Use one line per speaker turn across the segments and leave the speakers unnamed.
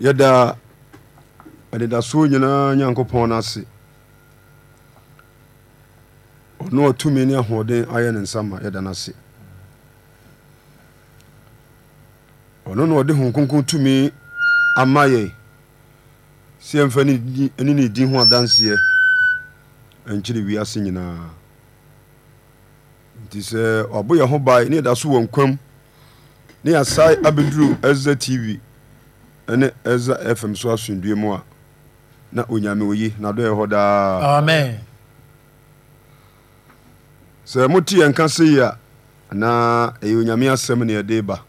yɛda ɛdedasoɔ nyinaa nyankopɔn no ase ɔno ɔtumi ne ahoɔden ayɛ ne nsama yɛda no ase ɔno na ɔde ho kronkron tumi ama yɛ sɛ yɛmfa ne ne din ho adanseɛ ɛnkyerɛ wiase nyinaa nti sɛ ɔbo yɛ ho bae ne yɛda so wɔ nkwam ne yɛasae abɛduru ɛza tv ɛne ɛza fm so asomdue mu a na onyame oyi nadɔyɛ hɔ daa amen sɛ mote yɛn nka se yi a na ɛyɛ onyame asɛm ne yɛde ba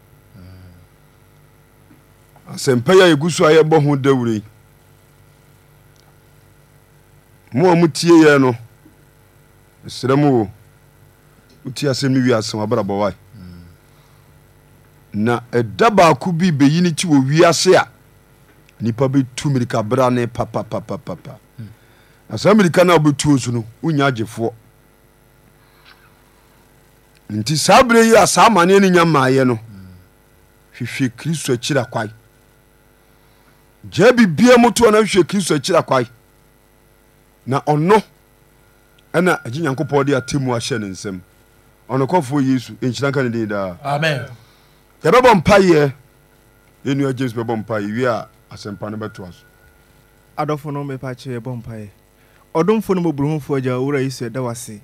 asɛmpa yi a yɛgu so a yɛbɔ ho dawuro yi mo a motie yɛ no ɛsrɛ mo o wotie asɛm no wie asɛm abrabɔwae na ɛda baako bi bɛyi no ti wɔ wiase a nipa bɛtu mirika bra ne papapapapa na saa mirika no a wobɛtuo so no wonya agyefoɔ nti saa berɛ yi a saa amanneɛ no nya maayɛ no hwehwɛ kristo akyira kwae gyaa bibia motoɔ no hwehwɛ kristo akyira kwae na ɔno ɛna agye nyankopɔn de atemmu ahyɛ ne nsɛm ɔnokɔfoɔ yesu ɛnhyira nka ne din daa amen yɛbɛbɔ mpayɛ yɛnua james bɛbɔ mpayɛ wie a asɛmpa no bɛtoa so
adɔfo no mepaakyɛ yɛbɔ mpaeɛ ɔdomfo no mɔburohufoɔ agya owura yi so ɛda wase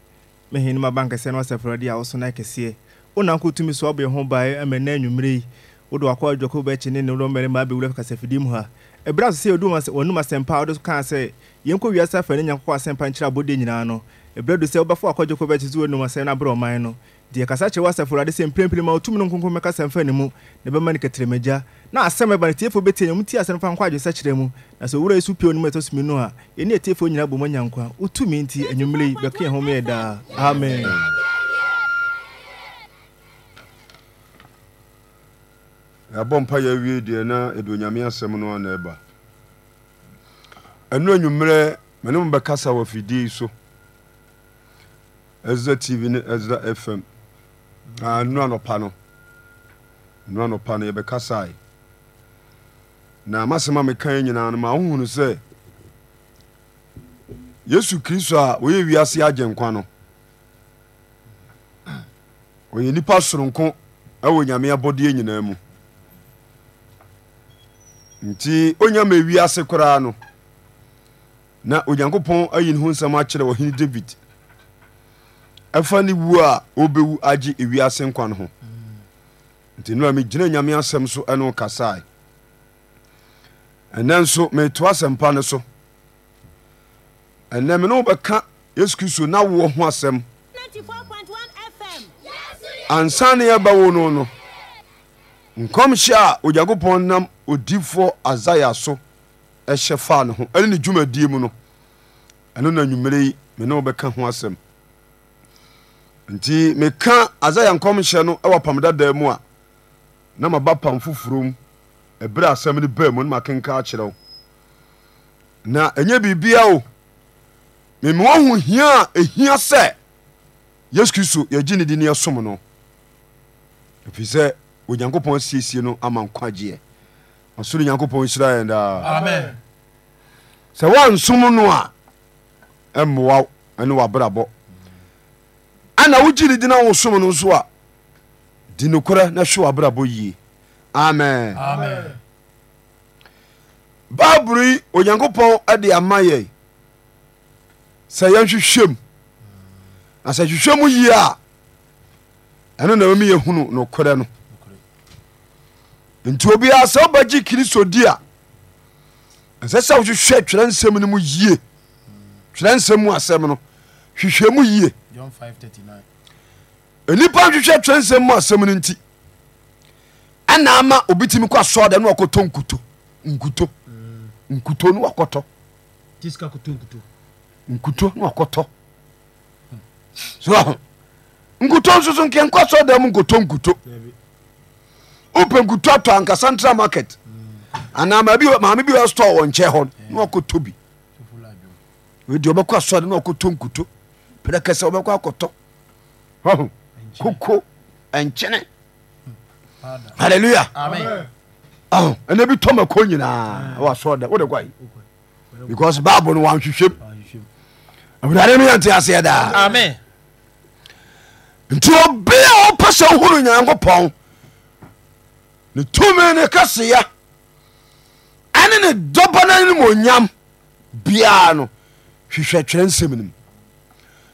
mehene ma bankɛsɛ no asafrade a woso no akɛseɛ wonanko tumi so wabɔ ho bae ama anwummerɛ yi wode wakɔ adwako bɛkye ne ne wdɔmmɛre abɛwura kasafidie mu ha ɛberɛ so sɛ yɛdum asɛmpa a wode kaa sɛ yɛnkɔ wiase afa ne nyankopɔn asɛmpa nkyerɛ abɔdeɛ nyinaa no ɛberɛ do sɛ wobɛfo akɔ adwako bɛkye so wɔnum asɛm no aberɛ ɔman no deɛ kasa kyerɛ wasafo awurade sɛ mprɛmprɛm a ɔtumi no nkonko mɛkasa mfa ne mu na ɛbɛma no katirɛmagya na asɛm ɛba no tiefoɔ bɛtie nyɛ mutie asɛm fa nkɔ adwe sɛkyerɛ mu na sɛ owura yɛsu pio no mu ɛtɔ somi no a ɛne atiefoɔ nyina bɔ manya nkwa wotumi nti anwummerɛ yi bɛka ho meyɛ daa amen
yɛabɔ mpa yɛawie deɛ na ɛde nyame asɛm no ana ɛba ɛno anwummerɛ me ne mu bɛkasa wɔ afidie so ɛza tv ne ɛza fm Ah, nnura nɔpa no nnura nɔpa no yɛbɛkasae na masɛm a mekae nyinaa no ma wohunu sɛ yesu kristo a ɔyɛ wiase agye nkwa no ɔyɛ nipa soronko ɛwɔ nyame abɔdeɛ nyinaa mu nti onya ma wiase koraa no na onyankopɔn ayi ne ho nsɛm akyerɛ ɔhene david ɛfa ne wu a ɔbɛwu agye ewiase nkwa no ho nti no megyina nyame asɛm so ɛno kasae ɛnɛ nso metoa asɛmpa no so ɛnɛ me wobɛka yesu kristo na woɔ ho asɛm ansa ne yɛba wo no no nkɔmhyɛ a onyankopɔn nam odifoɔ asaya so ɛhyɛ faa ne ho ɛne ne dwumadie mu no ɛno na nwummere yi me wobɛka ho asɛm nti meka isaia nkɔm hyɛ no wɔ apam dadaa mu a na maba pam foforɔ mu ɛberɛ asɛm no baa mu no makenka akyerɛ wo na ɛnyɛ biribia o meme woaho hia a ɛhia sɛ yesu kristo yɛgye ne di ne yɛsom no ɛfiri sɛ onyankopɔn asiesie no ama nkwagyeɛ ɔsoro nyankopɔn hyira yɛn daa sɛ woansom no a ɛmmoa ɛne wabrabɔ ana wogyere dina wo som no nso a di nokorɛ na hwe wabrabɔ yie amen bible yi onyankopɔn de ama yɛ sɛ yɛnhwehwɛm na sɛ hwehwɛ mu yie a ɛno na mami yɛhunu nokorɛ no nti obiaa sɛ wobɛgye kristo di a ɛnsɛ sɛ wohwehwɛ twerɛ nsɛm no mu yie twerɛ nsɛm mu asɛm no hwehwɛ mu yie nnipa nhwehwɛ twerɛnsɛm mu asɛm no nti ɛna ama obitumi kɔ asɔɔ da ne wakɔtɔ nkuto nkuto mm. nkuto ne wakɔtɔ nkuto ne wakɔtɔ so nkuto nso so nkɛ nkɔ asɔɔ da mu nkɔtɔ nkuto wopɛ nkuto atɔ anka central market mm. anaa maame bi wɔ store wɔ nkyɛn hɔ no ne wakɔtɔ bi ɛdi ɔbɛkɔ asɔɔ da ne wakɔtɔ nkuto pɛrɛkɛsɛ wobɛkɔ akɔtɔ hɔho koko ɛnkyene halleluya ɛnɛ bi tɔma ko
nyinaa wasɔ da wode kɔi because bible no wanhwehwɛm awurade no yɛnte aseɛ daa nti obia wɔpɛ sɛ wohunu nyankopɔn ne tumi ne kɛseya ɛne ne dɔbɔ no ne monyam biaa no hwehwɛ twerɛ nsɛm no mu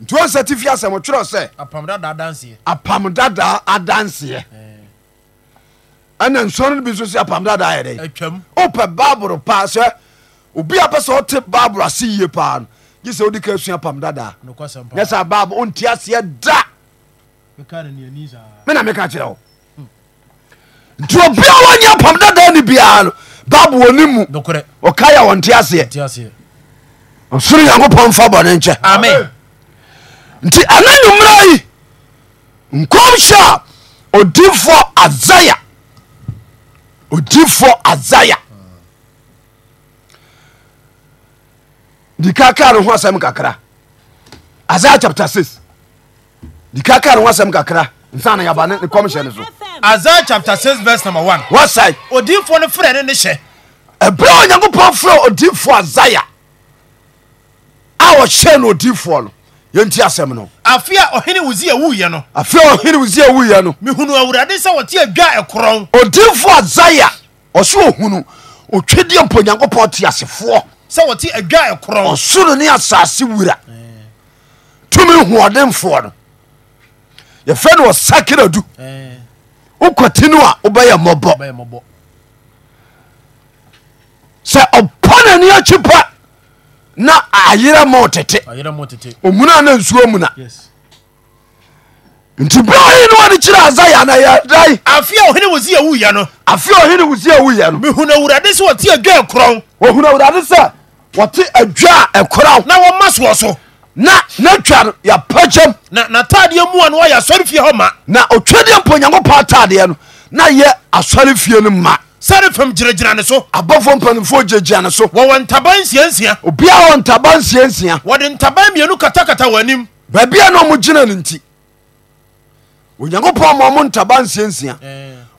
nti wọn sɛ ti fi asɛm twerɛ sɛ apam dada adanseɛ apam dada adanseɛ ɛna nsɔre no bi nso sɛ apam dada ayɛ dɛ atwam wopɛ baabolo paa sɛ obi a pɛ sɛ ɔte baabolo ase yie paa no gye sɛ wodi ka asua apam dadaa nyɛ sɛ baabolo ɔnti aseɛ da mena meka kyerɛ wo nti obi a wɔnyɛ apam ni ne biara no baabolo ne mu ɔka yɛ wɔnte aseɛ ɔsoro nyankopɔn mfa bɔne nkyɛ amen nti ana nwumera yi hyɛ a odifoɔ isaia odinfoɔ isaia dikaka ne ho asɛm kakra isaia chapter 6 dikaka ne ho asɛm kakra nsana yaba ne ne so chapter 6 verse number 1 no frɛ ne ne hyɛ ɛberɛ a onyankopɔn frɛ odifoɔ isaia a wɔhyɛ no odifoɔ no yɛnti asɛm no afei a ɔhene wosia wuyɛ no afei a ɔhene wosia wuyɛ no mehunu awurade sɛ wɔte adwa ɛkorɔn odinfo asaia ɔsɛ ɔhunu ɔtwedeɛ mpo onyankopɔn te asefoɔ sɛ wɔte adwa ɛkorɔn ɔsoro ne asase wura tumi hoɔdenfoɔ no yɛfrɛ no ɔsakra du wokɔte no a wobɛyɛ mmɔbɔ sɛ ɔpɔ n'ani akyi pa na ayerɛ ma ɔtete omuna na nsuo muna nti bɛyi no wane kyerɛ asaya na yɛdan afea ɔhene wosia wuyɛ no afea ɔhene wosia wuyɛ no mehunu awurade sɛ wɔte adwa ɛkorɔn ɔhunu awurade sɛ wɔte adwa ɛkorɔn na wɔma soɔ so na natwa no yɛpa kyɛm na taadeɛ mu a no wɔyɛ fie hɔ ma na ɔtwadeɛ mpo onyankopɔn ataadeɛ no na yɛ asɔre fie no ma sare fam gyinagyina ne so abɔfoɔ mpanimfoɔ gyinagyina ne so wɔwɔ ntaban nsiansia obiaa wɔ ntaba nsiansia wɔde ntaban mmienu katakata wɔ anim baabia na ɔmo gyina no nti onyankopɔn ma ɔmo ntaba nsiansia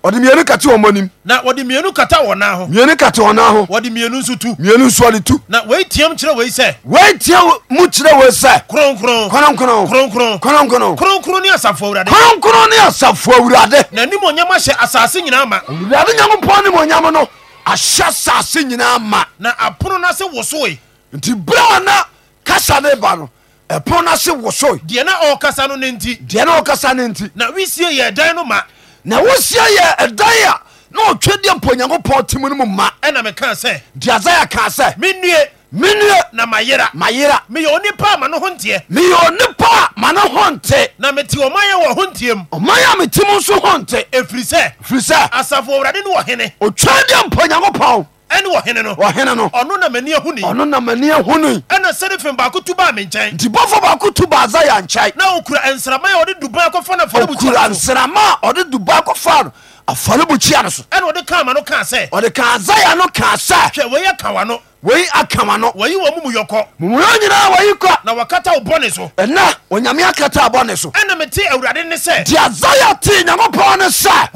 ɔde mmienu kata wɔn anim. na wɔde mmienu kata wɔn nan ho. mmienu kata wɔn nan ho. wɔde mmienu nso tu. mmienu nso ɔde tu. na wei tiam kyerɛ wei sɛ. wei tiam mu kyerɛ wei sɛ. kronkron. kronkron. kronkron. kronkron. kronkron ni asafo awurade. kronkron ni asafo awurade. na nimu onyama hyɛ asase nyinaa ma. awurade nyankopɔn nimu onyama no ahyɛ asase nyinaa ma. na apono n'ase wosoe. nti bere a na kasa ne ba no ɛpono n'ase wosoe. deɛ na ɔkasa no ne nti. deɛ na ɔkasa ne nti. ma na wosia yɛ ɛdan a na ɔtwadeɛ mpo onyankopɔn temu no mu ma ɛna mekaa sɛ nti isaia kaa sɛ mennue menue na mayera mayera meyɛ onipa a ma no ho nteɛ meyɛ onipa a ma ne ho nte na mete ɔmayɛ wɔ ho nteɛm ɔman a metem nso ho nte ɛfiri sɛ ɛfiri sɛ asafo awurade ne wɔ hene ɔtwadeɛ mpo onyankopɔn ɛne ɔhene no ɔhene no ɔno na m'ani ahuni ɔno na m'ani ahuni ɛna serifim baako tu baa me nkyɛn nti bɔfo baako tu baa Isaiah nkyɛn na okura nsrama a ɔde duban akɔfa no afɔrebukyia okura nsrama a ɔde duban akɔfa no afɔrebukyia no so ɛna ɔde kaa no kaa sɛ ɔde kaa Isaiah no kaa sɛ hwɛ wɔyɛ kawa no wɔi aka wa no wɔyiwɔ momu yɔ kɔ mumuyɛ nyinaa wɔyi ka na wkatawobɔne so ɛna ɔnyamea aka ta wobɔne so ɛnmete awrade ne sɛ nte aza yɛ te nyankopɔn ne sɛname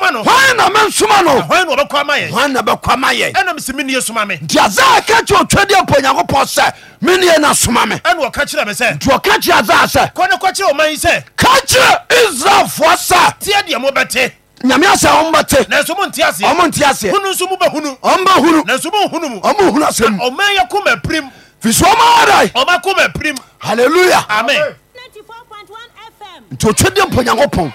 ma noa na me nsoma
no na bɛka ma yɛ ɛnmsɛmenɛ soma me nti aza e ka kyerɛ ɔtwade apo nyankopɔn sɛ menie na soma meɛna kyerɛ meɛ nti wɔka kyerɛ aza a sɛ wakyerɛɔmisɛ ka kyerɛ israelfoɔ sa tɛdmobɛte nyame asɛ ɔmbɛte ɔmo nte aseɛ ɔmba hunu ɔmo hunu asɛm firi so ɔma ada halleluya nti otwedeɛ mpa nyankopɔn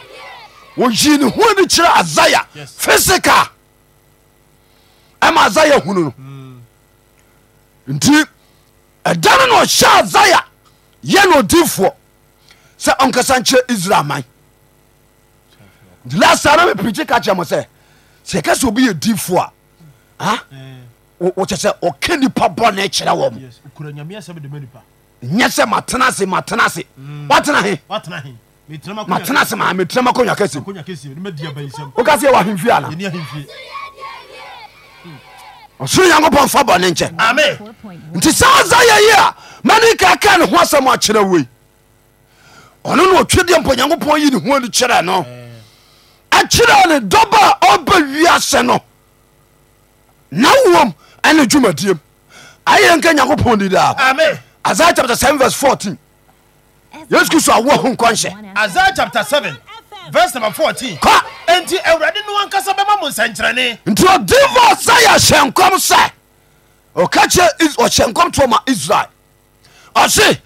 wɔyii ne ho ani kyerɛ asaia fisika ɛma asaia hunu no hmm. nti ɛda no na ɔhyɛ asaia yɛ no odifoɔ sɛ ɔnkasa nkyerɛ israel man lasa ah? eh. na mepirikyi ka kyerɛ mo sɛ sɛ ɛka sɛ obi yɛ difoɔ a wokyɛ sɛ ɔka nipa bɔne kyerɛ wɔ
m
nyɛ sɛ matena ase matena ase mm. woatena he
matena ase maa metra ma kɔnya kasim woka
sɛ yɛwɔ ahemfie ana ɔsoro nyankopɔn fa bɔne nkyɛ nti sɛ ɔsa yɛyi a mane kaka ne ho asɛm akyerɛ wei ɔno na ɔtwedeɛ mpo nyankopɔn yi ne ho ani kyerɛ no akyerɛ ne dɔba a ɔba wiase no na wom ɛne dwumadiam ayɛ nka nyankopɔn di daa isaia chapter 7 verse 14 yesu kristo awo ho nkɔnhyɛ isaia chapter 7 verse number 14 kɔ enti awurade no ankasa bɛma mo nsɛnkyerɛnne nti ɔdefo ɔsaia hyɛ nkɔm sɛ ɔka kyerɛ ɔhyɛ nkɔm toɔ ma israel ɔse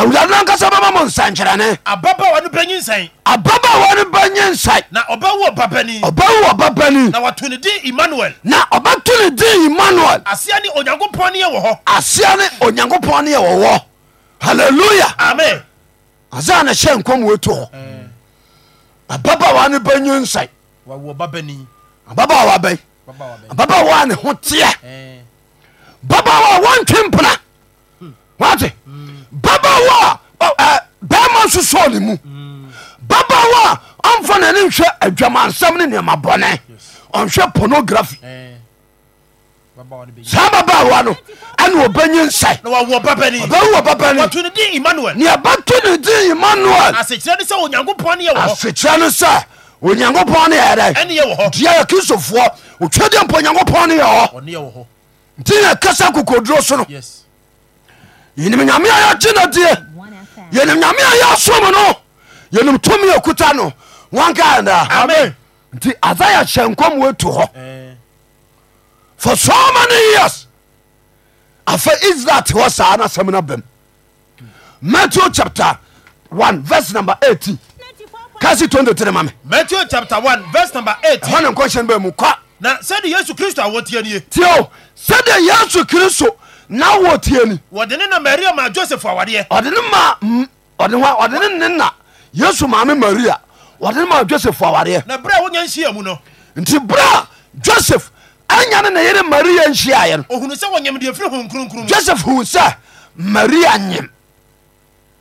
awurade nankasa bɛma mo nsankyerɛne ababaawa no bɛnyi nsɛn ababaawa no bɛnye nsae na ɔbɛwo babani ɔbɛwo ɔbabani na wato ne emmanuel na ɔbɛto ne din emmanuel aseɛ ne onyankopɔn ne yɛ wɔ hɔ aseɛ ne onyankopɔn ne yɛ wɔ hɔ halleluya amen asa na hyɛ nkɔm wɔtu hɔ ababaawa no bɛnye nsae wawo babani ababaawa bɛn ababaawa ne ho teɛ babaawa wɔntwe mpena wate babawo a eh, bɛrima nso sɔɔ ne mu babawo a ɔmfa nane nhwɛ adwamansɛm ne nneɛma bɔne ɔnhwɛ pornography eh. saa babawa no ɛne ɔbɛnya nsɛe ne ɛbɛto ne din emmanuel asekyerɛ ne sɛ onyankopɔn ne yɛdɛ diɛ yɛ kristofoɔ otwadeɛ mpa onyankopɔn ne yɛ hɔ nti yɛ kasa kokoduro so no yes. yenim nyame a yɛgye na deɛ yenim nyame a yɛsom no yenim tomi akuta no wankada nti asaya hyɛ nkɔm woatu hɔ eh. for so many years afa israel te hɔ saa no asɛm no bam matthew chapter 1 verse number 18 kasi 23 ma me matthew chapter 1 verse number 18 ɛhɔ ne nkɔhyɛ bɛ mu kwa na sɛde yesu kristo a wɔtiɛ nie tio sɛde yesu kristo na wɔtie ni wɔde ne na maria ma joseph awadeɛ ɔde ne ma mm, ɔde ne ne na yesu maame maria ɔde ne ma joseph awadeɛ na berɛ a wonya nhyia mu no nti berɛ a joseph anya ne na yere maria nhyiaeɛ no ohunu sɛ wɔnyam deɛ firi hom kronkrom joseph huu sɛ maria nyem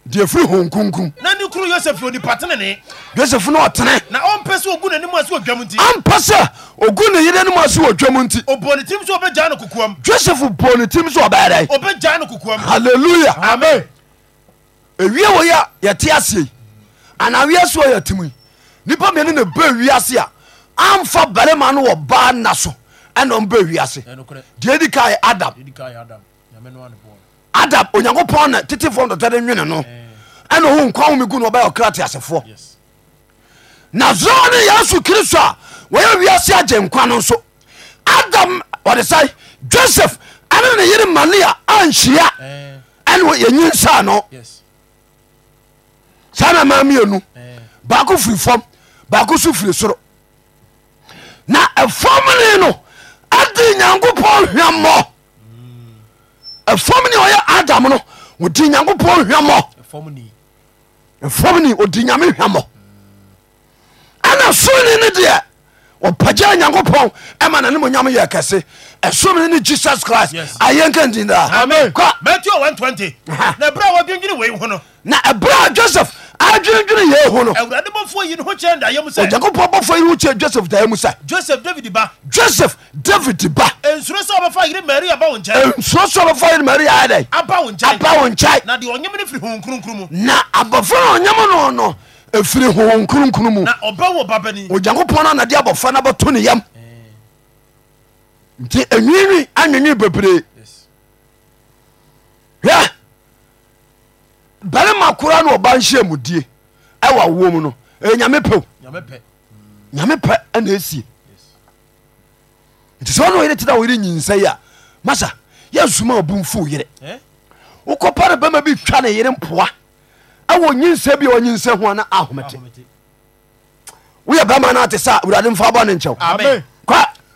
deɛ firi hom kronkrom na ne kuru yoseph yɛ onipa tenene joseph ne ɔtene na ɔmpɛ sɛ ɔgu n'anim a sɛ ɔdwam nti ampɛ sɛ ogu ne yere no mu ase wɔ dwam nti ɔbɔ ne tim sɛ ɔbɛgya no kokoam joseph bɔɔ ne tim sɛ ɔbɛyɛ dɛn ɔbɛgya no kokoam halleluya amen ewie wɔ yi a ase yi anaweɛ so a yɛtim yi nipa mmienu na ba wiase a amfa barima no wɔ baa nna so ɛna ɔmba wiase deɛ di ka yɛ adam adam onyankopɔn na tetefoɔ ntɔtɔde nwene no ɛna ɔho nkwa home gu no ɔbɛyɛ ɔkra te asefoɔ na zoo ne yesu kristo a wɔyɛ wiase agye nkwa no nso adam ɔde sae joseph ane ne yere maria anhyia ɛne yɛnyinsaa ano. saa na ma mienu baako firi fam baako so firi soro na ɛfamne no ade nyankopɔn hwammɔ mm. ɛfamne ɔyɛ adam no odi nyankopɔn hwammɔ ɛfamni odi nyame hwammɔ ana mm. sone no deɛ ɔpagya nyankopɔn ɛma nane monyam yɛ kɛse ɛsomne ne jesus christ ayɛnka ntin daa na ɛberɛ a joseph adwendwene yɛ ho no onyankopɔn bɔfo yi ho kyɛ joseph daɛ mu sɛ joseph david ba nsuro sɛ ɔbɛfa yere maria aba wo nkyɛe na abɔfra na ɔnyam no no ɛfiri hohom kronkron mu na ɔbɛ wɔ babani onyankopɔn no anade abɔfa no bɛto ne yam nti anwinwi anwenwi bebree hwɛ bɛrima kora no ɔba nhyia mu die ɛwɔ awoɔ mu no ɛyɛ nyame pɛw nyame pɛ ɛna ɛsie nti sɛ wone woyere tena woyere nyinsa yi a masa yɛ suma a ɔbu mfo yere wokɔpa no bɛma bi twa ne yere mpoa ɛwɔ nyinsɛ bi ɔnyinsɛ ho ana ahomete woyɛ bɛma no ate sɛ awurade mfa bɔ ne nkyɛw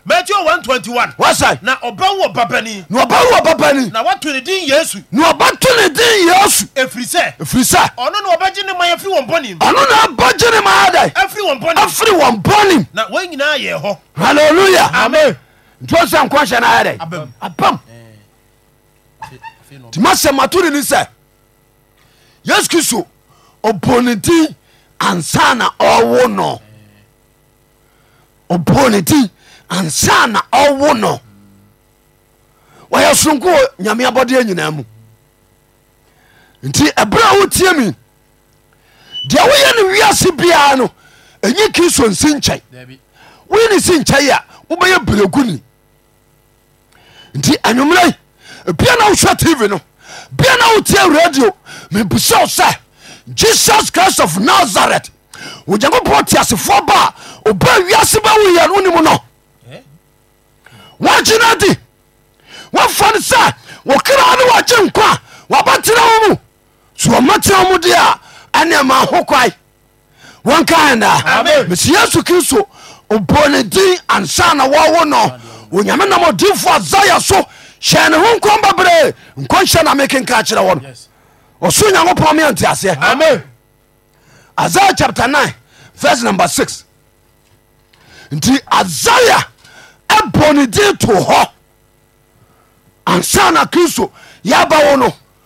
matthew 121 wasa na ɔba wɔ babani na ɔba wɔ babani na wato ne din yesu na ɔba to ne din yesu ɛfiri sɛ ɛfiri sɛ ɔno na ɔbɛgye ne man afiri wɔn bɔne ɔno na abɛgye ne man adɛ afiri wɔn bɔne afiri wɔn bɔne na wɔn nyinaa yɛ hɔ hallelujah amen nti ɔsɛ nkɔhyɛ no ayɛ dɛ abam nti masɛ mato ne ni sɛ yesu kristo ɔbɔ ne din ansa na ɔwo no ɔbɔ ne din ansa na ɔwo no wɔyɛ soronko wɔ nyame abɔdeɛ nyinaa mu nti ɛberɛ a wotie mi deɛ woyɛ no wiase biara no ɛnyi kristo nsi nkyɛn woyɛ ne si nkyɛn a wobɛyɛ berɛgu nti anwummerɛ bia na wohwɛ tv no biana wotie radio mebisɛo sɛ jesus christ of nasaret woyankopɔɔ tiasefoɔ baa ɔba wiase ba wuyɛn wonim nɔ eh? wɔakyena di wɔfane sɛ wɔkra ne wɔke nko a wabɛtena wɔ mu so wɔmateɛwo mu dea ɛne ma ho kwa wnkaɛa mes yesu kristo obɔne din ansa na wɔwo nɔ onyamenamɔdinfoɔ asaya so shɛno honkomba brɛ nkoshɛ na mekeka kyera wo no oso nyao pamia nti aseɛ isaya chap 9 vrs nb 6 nti isaya ɛboni de to ho ansana kristo yabao no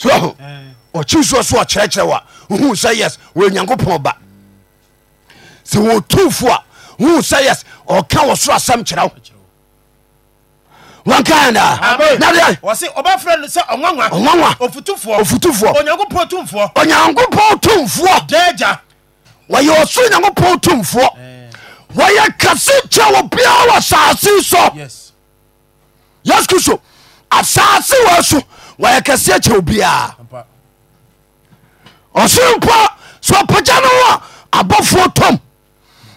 so ɔkye eh. oh, oh, oh, soɔ so ɔkyerɛkyerɛ wa hu sɛ yes wɔ nyankopɔn ba sɛ wɔtumfo a hu sɛ yes ɔka wɔ soro asɛm kyerɛ wo wankaɛdaawawaofutufoɔ onyankopɔn tomfoɔ wɔyɛ ɔsoro nyankopɔn tomfoɔ wɔyɛ kase kyɛ wɔ biara wɔ asase so yes kristo asase wɔ so wayɛkɛseɛ kyɛ obiaa ɔsonpo sɛ ɔpakya no ho abɔfoɔ tom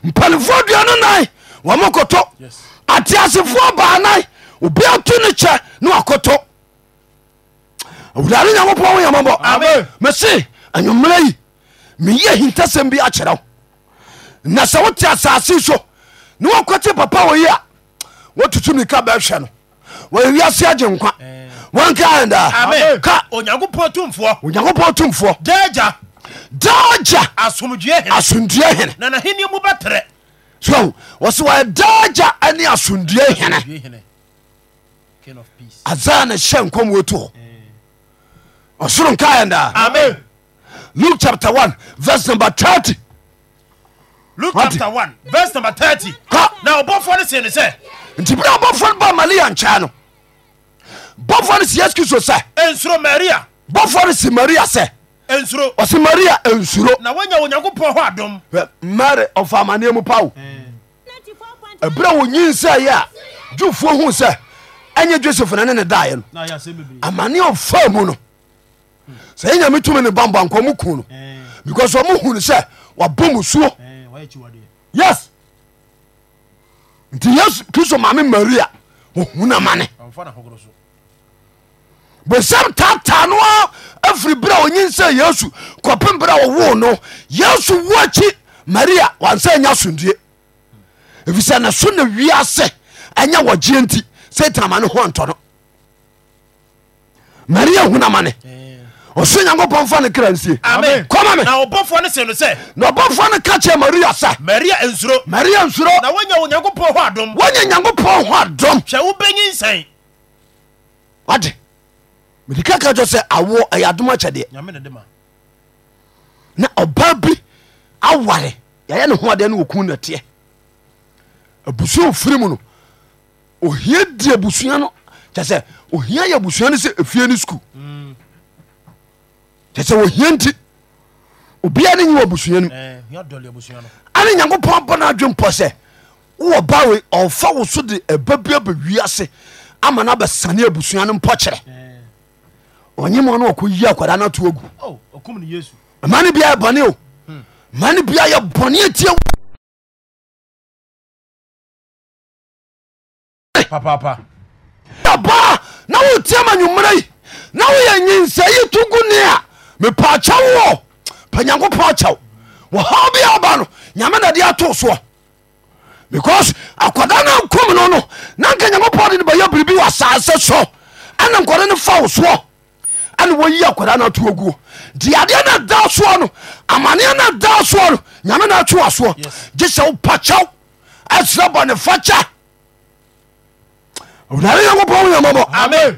mpanfoɔ duano na wɔmo koto atiasefoɔ baana obia to no kyɛ ne wakoto oano nyaopɔ woyambɔ mese awomera yi meyi hintasɛm bi akyerɛ wo na sɛ wote asase so ne wakate papa woyia wottuka bɛhwɛ no wiase agye nkwa eh. ka onyankopɔn tumfoɔ daagya asomdwe hene so wɔsɛ wɔyɛ daagya ane asomdwe hene asa na hyɛ nkɔm wɔtu hɔ eh. ɔsoro nkaɛndaa luke chapter 1 verse number 30 luke chapter 1 verse number 30 na ɔbɔfoɔ no see no sɛ nti bere ɔbɔfoɔ no ba maria nkyɛn no bɔfoɔ no si yesu kristo sɛ ɛnsuro maria bɔfoɔ no si maria sɛ ɛnsuro ɔsi maria ɛnsuro na woanya onyankopɔn hɔ adom mary ɔfa amanneɛ mu pa wo ɛberɛ wo nyinsɛeɛ a dwufoɔ hu sɛ ɛnyɛ joseph na ne ne daeɛ no amanneɛ ɔfa mu no sɛ ɛnyame tumi ne bambɔ ankɔ mu ku no because ɔmo hu no sɛ wabɔ mu yes nti yesu kristo maame maria ɔhuna amane botsɛm taata no afiriber a onyin sɛ yesu kɔpem bera a wowo no yesu woakyi maria wansa ɛnya asomdie ɛfisɛ ne so ne wiase ɛnyɛ wɔgyeɛ nti satan ama ne hoantɔ no maria ohuna mane ɔso nyankopɔn fa no kra nsie kɔma menɔbɔfoɔ no se no na ɔbɔfoɔ no ka kyerɛ maria sɛ maria nsuro maria nsuro na wonya onyankopɔn hɔ adom wonya nyankopɔn hɔ adom hwɛ wobɛnyi nsɛn ade mede ka ka kyɛ sɛ awoɔ ɛyɛ adom akyɛdeɛ na ɔbaa bi aware yɛyɛ ne ho no wɔku nɛteɛ abusua ofiri mu no ohia di abusua no kyɛ sɛ ohia yɛ abusua no sɛ efie no skul mm. sɛ ihe nti obia ne nyiwɔ abusuanom eh, ane nyankopɔn bɔ no adwempɔ sɛ wowɔ ba wei ɔfa wo so de ɛba bia bɛwi ase ama no abɛsane abusua no mpɔkyerɛ eh. ɔnyema yi ma no oh, bia yɛ bɔne o
ma no bia baa na wotiama nwummera yi
na woyɛ yi a mepa kya pa nyankopɔn akya wahabiabano yamenede ato sow ause akada nonna nyankopɔa bronoeno fasnwyi aanaena aɛopaksraɔneaayankpɔ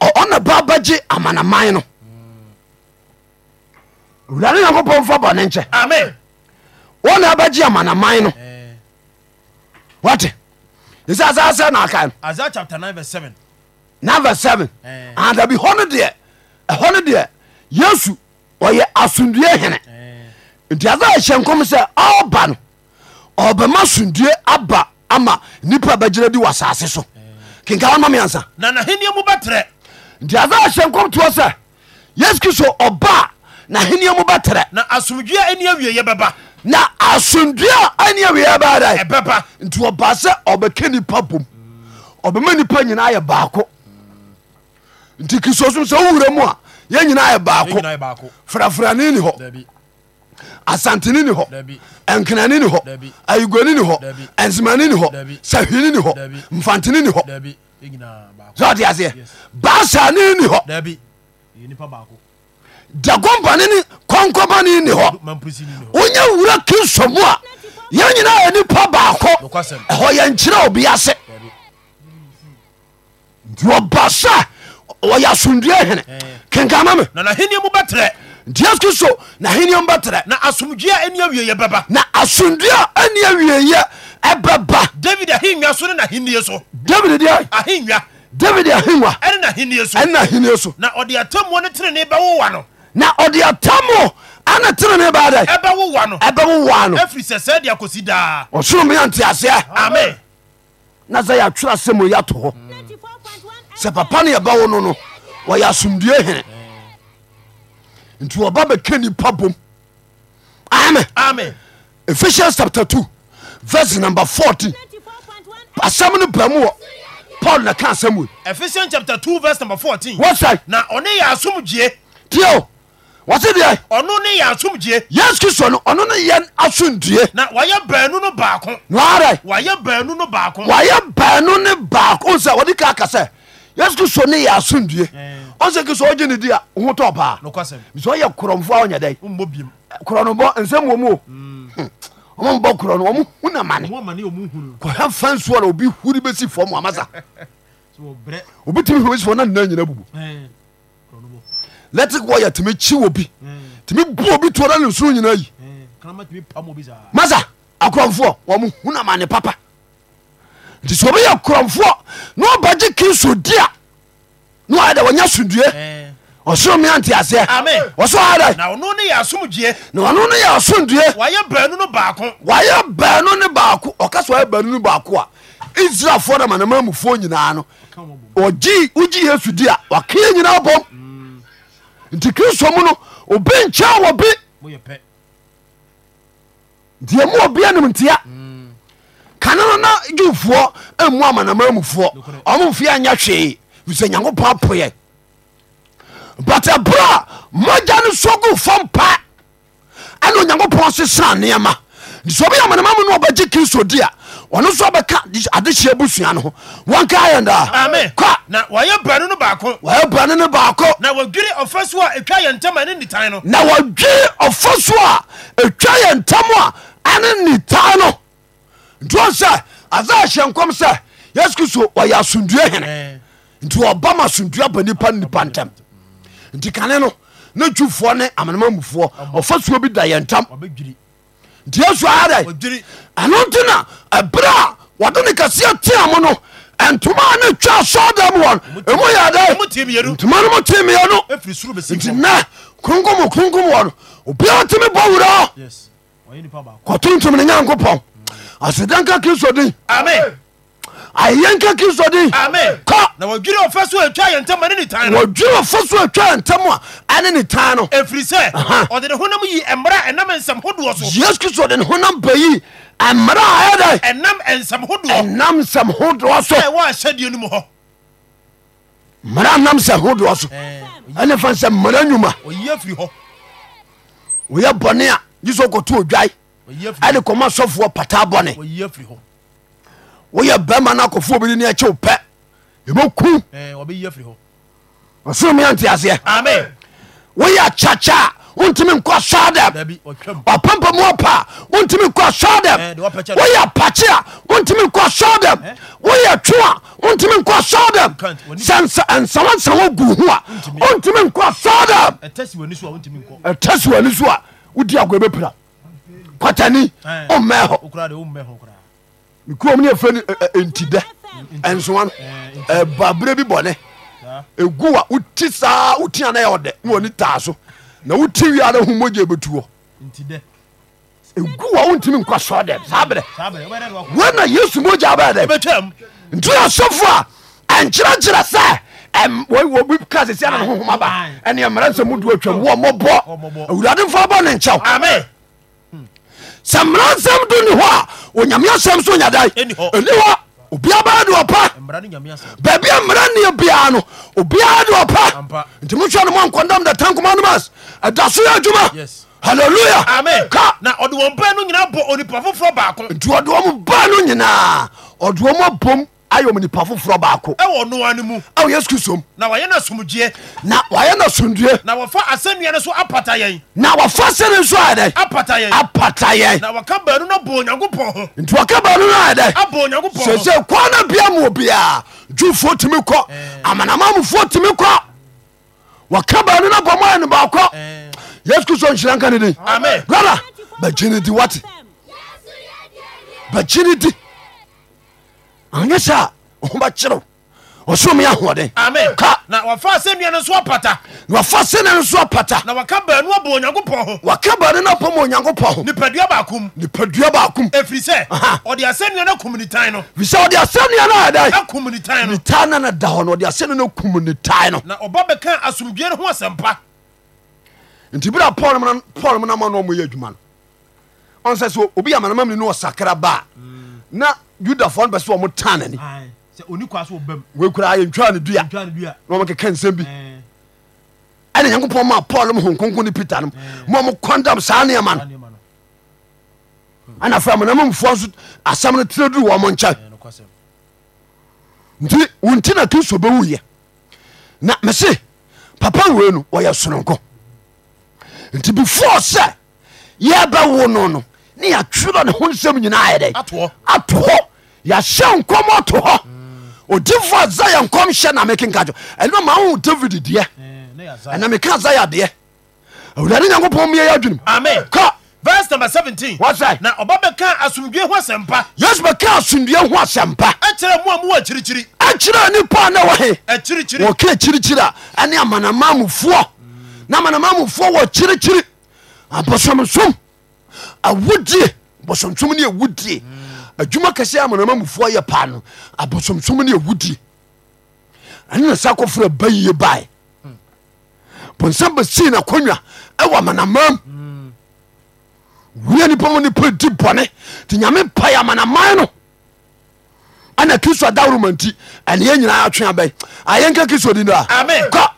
ɔne ba bɛgye amanaman no wurade nyankopɔn mfa bɔne nkyɛ wɔne abɛgye amanaman no eh. wate ɛsɛ asa sɛ na aka no nave 7 adabi hɔ no deɛ ɛhɔ no deɛ yesu ɔyɛ asomdue hene eh. nti asa ɛhyɛ nkɔm sɛ ɔba no ɔbɛma asomdue aba ama nipa bɛgyina di wɔ asase so eh. kenka wanomameansa na nahenniɛ mu bɛtrɛ nti afa ahyɛ nkɔm toɔ sɛ yesu kristo ɔba a n'ahenniɛ mu bɛterɛ na asomdwea ani awieyɛ bɛba na asomdwea a ani awieyɛ bɛa da ɛbɛba nti ɔba sɛ ɔbɛka nipa bom ɔbɛma nipa nyinaa yɛ baako nti kristo som sɛ wowura mu a yɛn nyinaa yɛ baako frafrane ni hɔ asantene ni hɔ ɛnkenane ni hɔ ayigoni ni hɔ ɛnsimane ni hɔ sahwini ni hɔ mfantene ni
hɔ
sọọti ase baasa ni ni hɔ dagunbani ni kɔnkɔbani ni hɔ onye wura kí nsọmú a yẹn nyinaa yɛ nipa baako ɛhɔ yɛn nkyerɛ obi ase wɔbasa wɔyɛ asundua hene kenkama mi. nana hinni mu bɛ tẹrɛ. diɛ kristo na hinni mu bɛ tẹrɛ. na asundua ɛni awie yɛ bɛ ba. na asundua ɛni awie yɛ ɛbɛ ba. david ahinwa so ne na hinni yɛ so. david deɛ. ahinwa. david ahengua ɛna ahenie so na ɔde atamo ana terene baadɛ ɛbɛwowa no ɔsoro na sɛ yɛatwerɛ asɛm yɛato hɔ sɛ papa no yɛbɛwo no no wɔyɛ asomdue hene nti wɔba bɛka nipa bom ame ephesians chapter 2 verse number 14 asɛm no pa mu wɔ paul na ka asɛm wei ephesians chapter two verse number fourteen. wɔsɛ na ɔne yɛ asomdwie tio wɔse deɛ ɔno ne yɛ asomdwie Yes, kristo no ɔno ne yɛ asomdue na wɔyɛ baanu no baako noare wɔyɛ baanu no baako wɔyɛ baanu ne baako ɔn sɛ wɔde ka aka sɛ yesu kristo ne yɛ asomdue ɔn eh. sɛ kristo ɔgye ne di a ho tɔ paa nokwasɛm bisɛ ɔyɛ korɔmfoɔ a ɔnyɛ dɛn mbɔ biem korɔnobɔ nsɛm wɔ mu o mm. hmm ɔmo mbɔ kuro no ɔmo hu na mane
kɔhɛ
fa nsuo na obi huri bɛsi fam amasa obi tumi huri bɛsi fam na nna nyina bubu lɛtik wɔyɛ tumi kyi wɔ bi tumi bu obi toɔ na ne nsuo nyina yi masa akorɔmfoɔ wɔmo hu na mane papa nti sɛ obi yɛ korɔmfoɔ na ɔbɛgye kristo di a na ɔyɛ dɛ wɔnyɛ asomdue
ɔsoro mi ante aseɛ ɔsoro ada na
ɔno no yɛ asomdue na ɔno no yɛ asomdue wayɛ baanu no baako wayɛ baanu no baako ɔka so wayɛ baanu no baako a israelfoɔ no manama mufoɔ nyinaa no ɔgyi wogyi yesu di a wakeye nyinaa bɔm nti kristo mu no obi nkyɛ wɔ
bi
deɛ mu ɔbi anom ntia kane no na dwufoɔ mmu amanama mufoɔ ɔmomfeɛ anyɛ hwee fisɛ nyankopɔn apoyɛ but ɛberɛ a mogya no so gu fam pa ɛne onyankopɔn sesera nneɛma nti sɛ obi amanama mu no wɔbɛgye kristo di a ɔno nso bɛka adehyeɛ busua no ho wɔnka yɛn daa na wɔyɛ brane no baako wɔyɛ brane no baako na wɔdwiri ɔfasu a ɛtwa yɛn ntam a ɛne nitan no na wɔdwiri ɔfasu a ɛtwa yɛn ntam a ɛne nitan no ntuɔ sɛ asa hyɛ nkɔm sɛ yesu ɔyɛ asomdua hene nti ɔba ma asomdua ba nipa no nipa ntam nti kane no ne twifoɔ ne amanama mufoɔ ɔfa suo bi da yɛ ntam nti yɛsu ada ɛno nti na ɛberɛ a wɔde ne kɛseɛ tea mo no ɛntoma a ne twa asɔɔda mu wɔn ɛmu yɛ dɛ ntoma no mo tee meyɛ no nti nɛ kronkom kronkom wɔ no obiara tumi bɔ wura kɔtontom ne nyankopɔn asedanka kristo din amen ayɛnka kristo din wɔdwere ɔfa so atwa yɛ ntɛm a ɛne ne tan no ɛfiri sɛ ɔde ne honam yi mmara ɛnam nsɛm hodoɔ so yesu kristo de ne honam bɛyi mmara a ɛyɛ dɛ ɛnam nsɛm hodoɔ ɛnam nsɛm hodoɔ so ɛwɔ ahyɛdeɛ no mu hɔ mmara nam sɛ hodoɔ so ɛne fa sɛ mmara nnwuma ɔyi afiri hɔ wɔyɛ bɔne a gye sɛ ɔkɔto odwae ɛde kɔma sɔfoɔ pataa bɔne ɔyi afiri hɔ woyɛ baa n akofobiipɛ okoseremantaseɛ woya aaa otimi nk sodem papampa omi oy pa om moy ta omi dm nsawsawogotimi k ateswani so a wodiagpra kateni omh kurom ne yɛfrɛ no ntidɛ ɛnsoa no ɛbaberɛ bi bɔne ɛgu a woti saa wotia na yɛ ɔdɛ na wɔne taa so na woti wie a na humɔgya bɛtu hɔ ɛgu a wontimi nkɔ sɔ dɛm saa berɛ
wena yesu
mogya bɛɛ dɛm nti asɔfo a ɛnkyerɛkyerɛ sɛ wɔbi ka sɛsia na ne hohoma ba ɛne mmara nsɛ mudu atwam wɔ mɔbɔ awurade mfa bɔ ne nkyɛw sɛ mmara nsɛm do ne hɔ a onyame asɛm so nyadae ɛni hɔ obiabaa de ɔpa baabi a mmara nneɛ biara no obiara de ɔpa nti mohwɛ no mo ankɔndam the ten commandments ɛda so yɛ adwuma halleluya ka na ɔde wɔn ba no nyinaa bɔ onipa foforɔ baako nti ɔde wɔn ba no nyinaa ɔde wɔn abom ayɛ ɔmu nipa foforɔ baako ɛwɔ noa no mu ɛwɔ yesu kristo mu na wɔyɛ no asomdwoe na wɔyɛ no asomdwoe na wɔfa asɛnnua no so apata yɛn na wɔfa sɛne nso ayɛ dɛn apata yɛn apata yɛn na wɔka baanu no bɔ onyankopɔn ho nti wɔka baanu no ayɛ dɛn abɔ onyankopɔn ho sɛsɛ kwan no bia mu obiaa dwufoɔ tumi kɔ eh. amanamamufoɔ tumi kɔ wɔka baanu no bɔ mɔ ayɛ no baakɔ eh. yesu kristo nhyira nka ne din amen brada bagyine di wate bagyine di anyɛ sɛ a ɔhobɛkyerɛw ɔsoro meyɛ ahoɔden amen ka na wɔfa asɛnnua no nso apata na wɔfa sɛne no nso apata na wɔka baanu abɔ onyankopɔn ho wɔka baanu no apɔ ma onyankopɔn ho nipadua baakom nipadua baakom ɛfiri sɛ ɔde asɛnnua no akum nitan no firi sɛ ɔde asɛnnua no ada akum nitan no nitan no no da hɔ no ɔde asɛnnua no akum nitan no na ɔba bɛka asomdwue no ho asɛmpa nti bere a paul no paul no ma no ɔmɔyɛ adwuma no ɔn sɛ sɛ obi amanamamne no ɔsakra ba a na judafoɔ no bɛ sɛ ɔmo ta nani wekura yɛntwa ne dua na ɔmokeka nsɛm bi ɛne nyankopɔn ma paul m honkonko ne peter no ma mo condam saa nneɛma no ana afei amanamamfoɔ nso asɛm no tena duru wɔ mo nkyɛn nti wo nti na kristo bɛwuyɛ na mese papa wei no wɔyɛ soronko nti before sɛ yɛbɛwo no no ne yɛtwerɛ ne ho nsɛm nyinaa yɛ dɛ atoɔ yɛhyɛ nkɔm to hɔ odifo isaya nkɔm hyɛ na mekenka kyɛ ɛno ma wo david deɛ ɛna eh, meka isaya deɛ awurade nyankopɔn meyɛ yɛ adwenem kɔ verse number seventeen. what's that na ọba bɛka asomdue ho asɛmpa yesu bɛka asomdue ho asɛmpa ɛkyerɛ mu a mu wɔ akyirikyiri ɛkyerɛ nipa na wɔ he akyirikyiri wɔka akyirikyiri a ɛne amanamamufoɔ na amanamamufoɔ wɔ kyirikyiri abosomsom awudie bosomsom ne awudie mm adwuma kɛsɛ amanama mufoɔ yɛ paa no abosomsom ne awudie ɛne na sa kɔforo ba yie bae bonsam bɛsii na konwa ɛwɔ amanamam wia nipa mu nipa di bɔne nti nyame pae amanaman no ana kristo adaworo ma nti ɛneɛ nyinaa atwe abɛn ayɛnka kristo din daa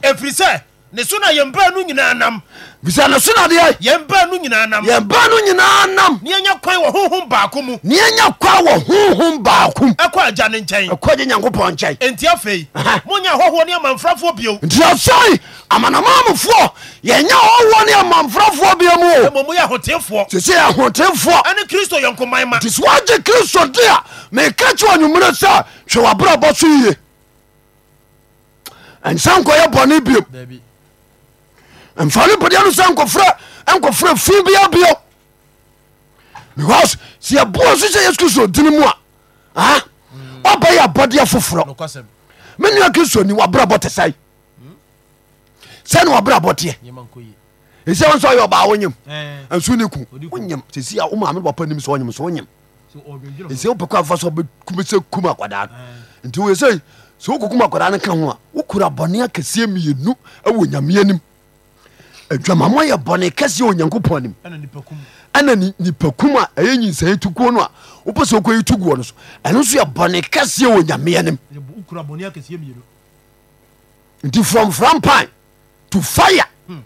ɛfiri sɛ ne so na yɛmpa no nyinaa nam bisa ne so nadeɛ yɛmpa no nyinaa nam yɛmpa no nyinaa nam ne yɛnya kwan wɔ honhom baako mu ne yɛnya kwa wɔ honhom baako mu ɛkɔ agya ne nkyɛn ɛkɔ agye nyankopɔn nkyɛn enti afei monyɛ hɔhoɔ ne amamfrafoɔ bio nti asɛi amanamaamufoɔ yɛnya hɔhoɔ ne amamfrafoɔ bia mu mmom yɛ ahotefoɔ sɛ sɛ yɛ ahotefoɔ ɛne kristo yɔnkoman ma nti sɛ woagye kristo de a meka kye anwummerɛ sɛ hwɛ w'abrɛbɔ so yie ɛnsa nkɔyɛ bɔne biom mfane padeɛ no sɛ nkɔfrɛ fi bia bio because sɛ yɛboɔ so sɛ yesu kristo dini mu a ɔbɛyɛ abɔdeɛ foforɔ menua kristoni wabrabɔ te sɛe sɛne wabrabɔ teɛ ɛsɛ wo sɛ ɔyɛ ɔbaa wonyem nso ne ku wonyem sɛsi a woma amene bapa nim sɛ ɔnyem so wonyem ɛsɛ wopɛkɔ afa sɛ wobɛsɛ kum akwadaa no nti woyɛ sɛ sɛ wokokum akwadaa no ka ho a wokura bɔne akɛseɛ mmienu awɔ nyameɛ nim mo yɛ bɔne kɛseɛ onyankopɔn nim ɛna nipakum a ɛyɛ nyinsae tukuo no a wopɛ sɛ tu tuguɔ no so ɛno nso yɛ bɔne kɛseɛ wɔ nyameɛ nim nti from frampan to fire
hmm,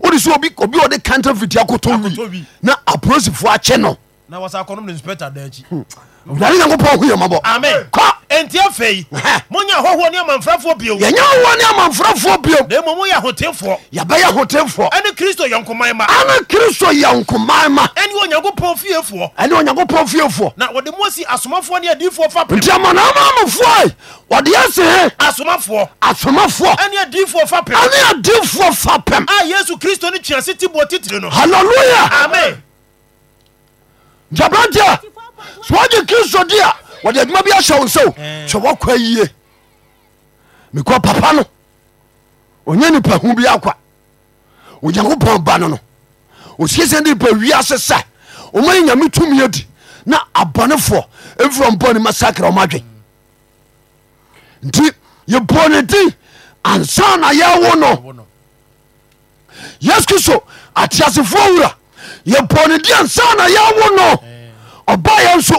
wode
sɛ obi ɔde fiti akotɔ wi na aprosifoɔ akye no hmm. wurade nyankopɔn ho yɛ mabɔ kɔ enti afei monyɛ ahɔhoɔ ne amamfrafoɔ bio yɛnyɛ ahɔhoɔ ne amamfrafoɔ bio na mmom moyɛ ahotefoɔ yɛbɛyɛ ahotefoɔ ɛne kristo yɛ nkoman ma ɛne kristo yɛ nkoman ma ɛne onyankopɔn fiefoɔ ɛne onyankopɔn fiefoɔ na wɔde mo asi asomafoɔ ne adiifoɔ fa nti amanaamaamafoɔ e, wɔde asi asomafoɔ asomafoɔ ɛne adiifoɔ fa pem ɛne adiifoɔ fa pem a yesu kristo ne twease tiboɔ titiri no halleluya amen nti aberanteɛ sɛ wagye kristo di a wɔde adwuma bi ahyɛ wo nsɛo sɛ wɔkwa yie mekɔ papa no ɔnya nipa hu bi akwa onyankopɔn ba no no ɔsiesɛ de nipa wiase sɛ ɔma yɛ nyame tumi adi na abɔnefoɔ ɛmfiri ɔmbɔ ne masakra ɔma adwen nti yɛbɔ ne din ansa na yɛwo no yesu kristo ateasefoɔ wura yɛbɔ ne din ansa na yɛwo no ɔba yɛ nso